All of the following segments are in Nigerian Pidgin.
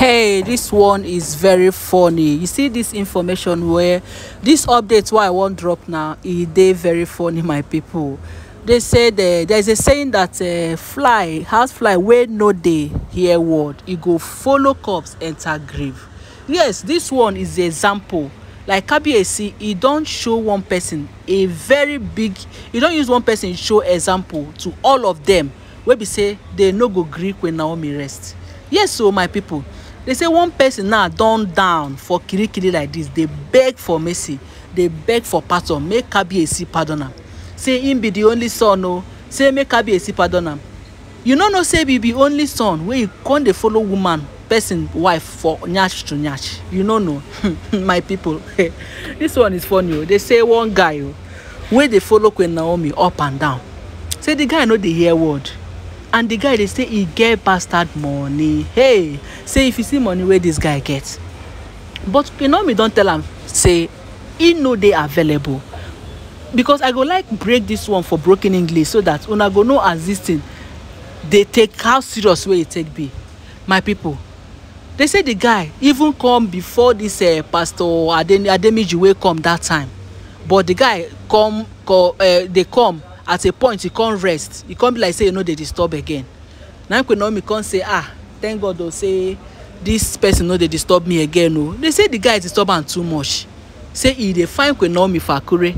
hey this one is very funny you see this information where this update why i won't drop now It e dey very funny my people they say the, there is a saying that uh, fly has fly where no day hear word e go follow corpse enter grave yes this one is the example like kabiyesi e don't show one person a very big You don't use one person show example to all of them wey be say they no go gree when naomi rest yes so my people they say one person now don down for kirikiri like this dey beg for mercy dey beg for pardon make kabiyesi pardon am say im be the only son o oh. say make kabiyesi pardon am you no know say be be only son wey you come dey follow woman person wife for nyash to nyash you no know my people this one is funny o oh. they say one guy o oh, wey dey follow queen naomi up and down say the guy no dey hear word and the guy dey say he get bastard money hey say if you see money wey this guy get but me don tell am say e no dey available because i go like break this one for broken english so that una go know as dis thing dey take how serious wey e take be my people. they say the guy even come before this dis eh, pastor ademiji wey come that time but the guy come eh, dey come at a point he come rest he come be like say e no dey disturb again na im kwenomi come say ah thank god o say this person no dey disturb me again o they say the guy disturb am too much say he dey find kwenomi for akure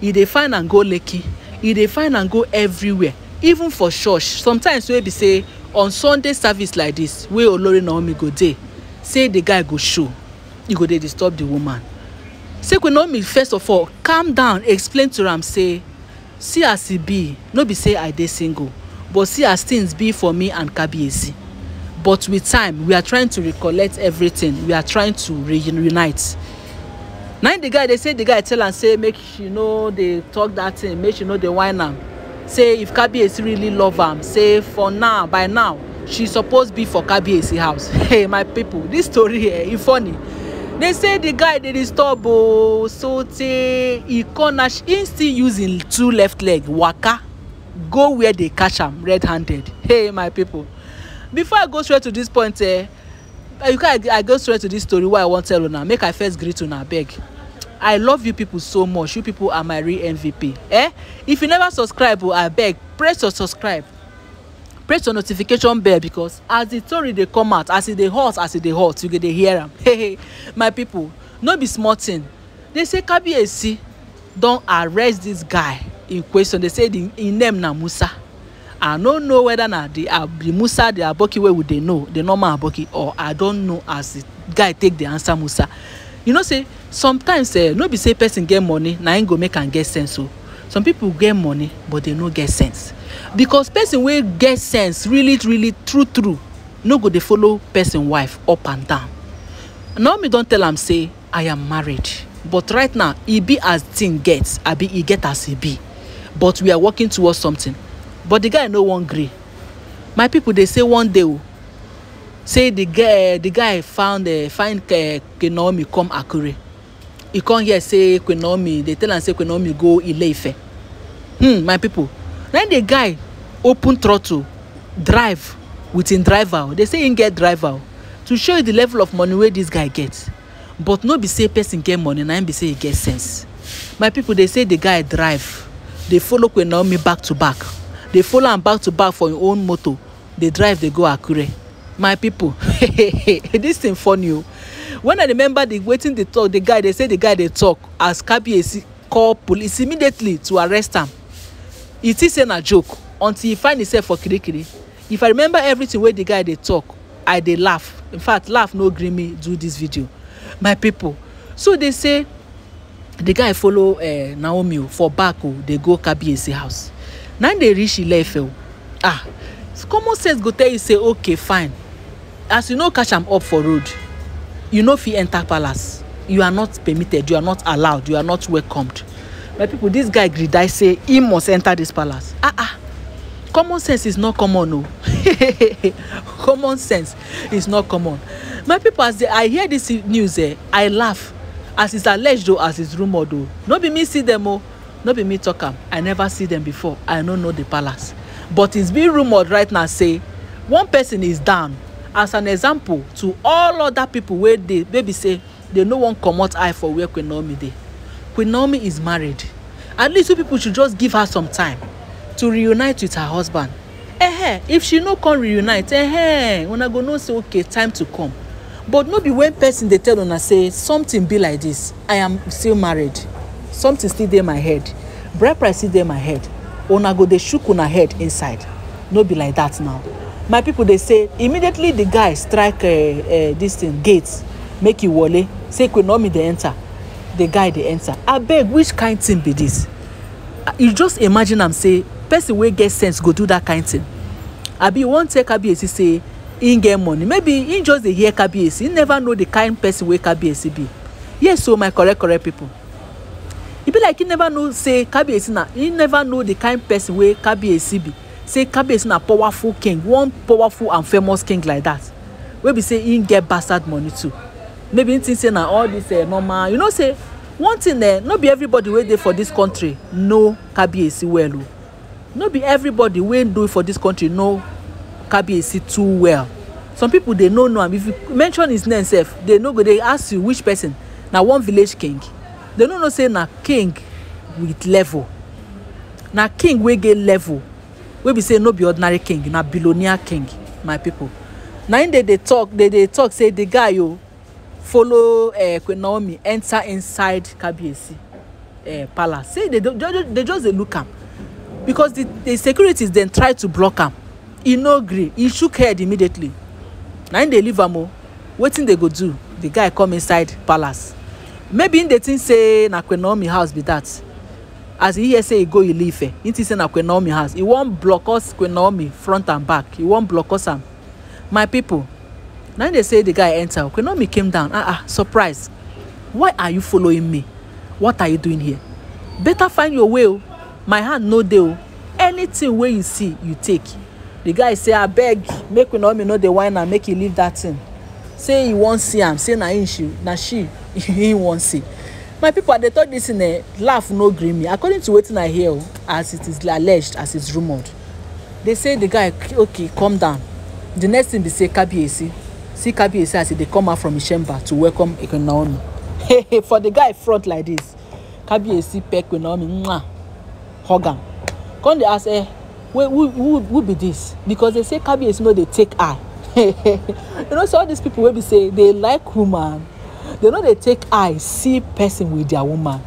e dey find am go lekki he dey find am go everywhere even for church sometimes wey be say on sunday service like this wey olori naomi go dey say the guy go show he go dey disturb the woman say kwenomi first of all calm down explain to am say see as e be no be say i dey single but see as things be for me and kabiyesi but with time we are trying to recollect everything we are trying to reunite Now the guy dey say the guy tell am say make she no dey talk that thing make she no dey whine am say if kabiyesi really love am say for now by now she suppose be for kabiyesi house hey my people this story eh, e funny they say the guy dey disturb ooo oh, so tey e con as still use im two left leg waka go where dey catch am red handed hey my people before i go straight to this point eh you can I go straight to this story wey i wan tell una make i first greet una abeg i love you people so much you people are my real mvp eh if you never subscribe o oh, abeg press your subscribe press your notification bell because as the story dey come out as e dey hot as e dey hot you go dey hear am hehe my people no be small thing they say kabiyesi don arrest this guy in question they say the, im name na musa i don't know whether na the uh, the musa the aboki wey we dey know the normal aboki or i don't know as the guy take dey answer musa you know say sometimes eh, no be say person get money na im go make am get sense o oh. some people get money but they no get sense because person wey get sense really really true true no go dey follow person wife up and down naomi don tell am say i am married but right now e be as thing get abi e get as e be but we are working towards something but the guy no wan gree my people dey say one day o oh, say the guy the guy found uh, find uh, queen come akure e come hear say queen naomi dey tell am say queen naomi go ileife hmm my people na the guy open throttle drive with him driver They say him get driver oh, to show you the level of money wey this guy get but no be say person get money na him be say he get sense my people dey say the guy drive dey follow queen back to back dey follow am back to back for im own motor dey drive dey go akure my people, dis thing funny o oh. when i remember the wetin dey talk the guy dey say the guy dey talk as kabiyesi call police immediately to arrest am e think say na joke until e find himself for kirikiri if i remember everything wey the guy dey talk i dey laugh in fact laugh no gree me do this video my people so they say the guy follow uh, naomi oh, for back o oh, dey go kabiyesi house na dey reach ilefe o ah common sense go tell you say okay fine as you no catch am up for road you no fit enter palace you are not permitted you are not allowed you are not welcomed my people this guy gree die say he must enter this palace ah ah common sense is not common o oh. common sense is not common my people as they, i hear this news eh i laugh as it's alleged o oh, as it's rumored o oh. no be me see them o no be me talk am i never see them before i no know the palace but its being rumored right now say one person is down as an example to all other people wey dey wey be say they no wan comot eye for where queen naomi dey queen naomi is married at least two people should just give her some time to reunite with her husband eh if she no come reunite eh una go know say okay time to come but no be when person dey tell una say something be like this i am still married something still dey my head bride price still dey my head una go dey shook una head inside no be like that now my people dey say immediately the guy strike uh, uh, this thing gate make e wole say queen naomi dey enter the guy dey enter abeg which kind thing be this you just imagine am say person wey get sense go do that kind thing abi you wan tell kabiyesi say im get money maybe im just dey hear kabiyesi he never know the kind person wey kabiyesi be yes o oh, my correct correct people e be like you never know say kabiyesi na you never know the kind person wey kabiyesi be say kabiyesi na powerful king one powerful and famous king like that wey be say he get bastard money too maybe him think say na all this uh, normal you know say one thing eh uh, no be everybody wey dey for this country know kabiyesi well o oh. no be everybody wey do for this country know kabiyesi too well some people dey no know am if you mention his name sef dey no go dey ask you which person na one village king they no know say na king with level na king wey get level wey be say no be ordinary king na billionaire king my people na him dey dey talk dey dey talk say the guy o follow uh, queen naomi enter inside kabiyesi uh, palace say they dey just dey look am because the the securities dem try to block am e no gree e shook head immediately na him dey leave am o wetin dey go do the guy come inside palace maybe im dey think say na queen house be that as he hear say he go ileife eh? he think say na queen naomi house he wan block us queen naomi front and back he wan block us am my people na him dey say the guy enter queen naomi came down ah ah surprise why are you following me what are you doing here better find your way o oh. my hand no dey o oh. anything wey you see you take the guy say abeg make queen naomi no dey whine am make he leave that thing say he wan see am say na him she na she he wan see my people i dey talk this thing eh laugh no gree me according to wetin i hear oh, as it is alleged as it's rumoured they say the guy okay calm down the next thing be say kabiyesi see kabiyesi as he dey come out from his chamber to welcome ekun naomi for the guy front like this kabiyesi peck ekun naomi mwah hug am come dey ask eh wait who who who be this because they say kabiyesi no dey take eye you know so all these people wey be say they like woman they no dey take eye see person with their woman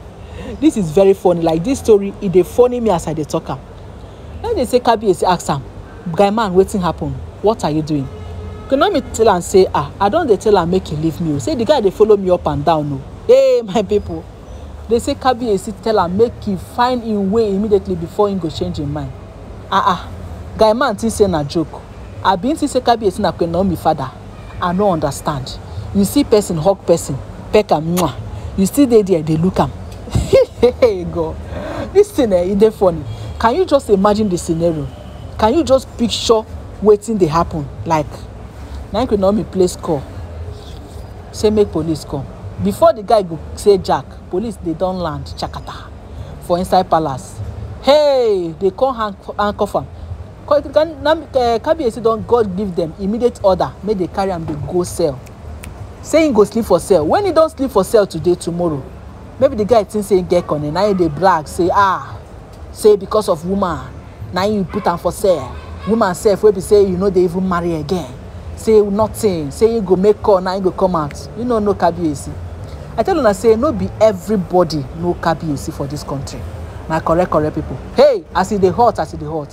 this is very funny like this story e dey funny me as i dey talk am na they say kabiyesi ask am guy man wetin happen what are you doing kunomi tell am say ah i don dey tell am make he leave me o say the guy dey follow me up and down o hey my people they say kabiyesi tell am make he find him way immediately before he go change him mind ah ah guy man think say na joke abinti say kábíyèsí na queen naomi father i no understand you see person hug person peck am mwah you still dey there dey look am hey god this thing eh e dey funny can you just imagine the scenario can you just picture wetin dey happen like na queen naomi place call say make police come before the guy go say jack police dey don land chakata for inside palace hey they come handcuff am Can kabiyesi don god give dem immediate order make dey carry am dey go sell, say im go sleep for cell When e don sleep for cell today tomorrow maybe the guy think say im get cunning na im dey brag say ah say because of woman na im put am for cell woman sef wey be say you no dey even marry again say nothing say im go make call na im go come out you no know kabiyesi i tell una say no be everybody know kabiyesi for this country na correct correct people. hey as e dey hot as e dey hot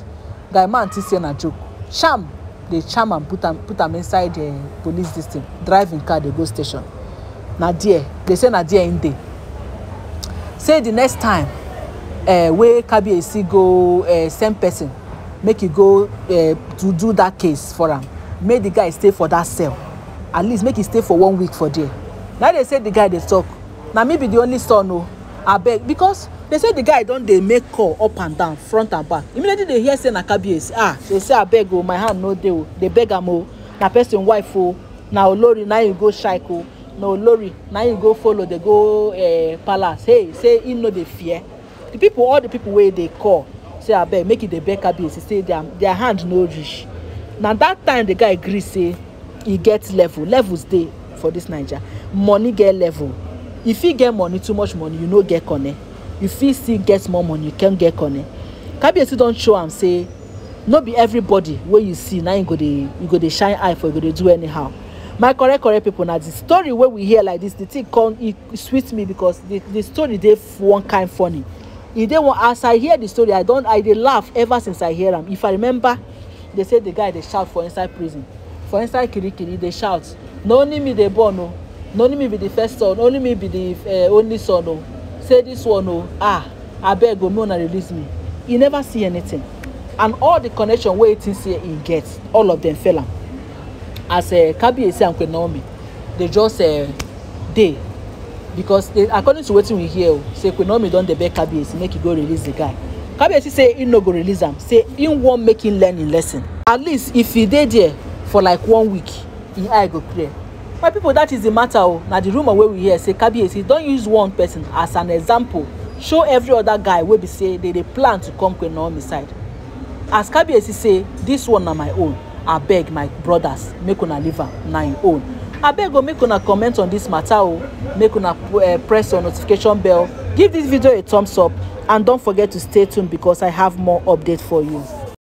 guy man think say na joke Charm, dey charm am put am put am inside uh, police dis thing drive im car dey go station na there dey say na there im dey say the next time uh, wey kabiyesi go uh, send person make e go uh, to do that case for am make the guy stay for that cell at least make e stay for one week for there na dey say the guy dey talk na me be the only son o oh. abeg because they say the guy don dey make call up and down front and back immediately they hear say na kabiyesi ah they say abeg o my hand no dey o They beg am o na person wife o na olori na you go strike o na olori na you go follow dey go uh, palace hey say he no dey fear the people all the people wey dey call say abeg make you e dey beg kabiyesi say their their hand no reach na that time the guy gree say e get level levels dey for this naija money get level if you get money too much money you no get connect you fit still get more money you can get corner kabiyesi don show am say no be everybody wey you see na you go dey you go dey shine eye for you go dey do anyhow my correct correct people na the story wey we hear like this the thing come e sweet me because the the story dey one kind funny e dey one as i hear the story i don i dey laugh ever since i hear am if i remember they say the guy dey shout for inside prison for inside kirikiri dey shout na only me dey born oh, o na only me be the first son only me be the uh, only son o oh say this one oh ah abeg o oh, make una release me He never see anything and all the connection wey he think say he get all of them fail am as uh, eh, kabiyesi and queen naomi dey just uh, dey because they, according to wetin we hear o oh, say queen naomi don dey beg kabiyesi make he go release the guy kabiyesi say he no go release am say he wan make him learn him lesson at least if he dey there for like one week him eye go clear my people, that is the matter o oh. na di rumour wey we hear say kabiyesi don use one person as an example show every other guy wey be say they dey plan to come queen naomi side as kabiyesi say this one na my own abeg my brothers make una leave am na im own abeg o oh, make una comment on this matter o oh. make una uh, press your notification bell give this video a thumbs up and don't forget to stay tuned because i have more update for you.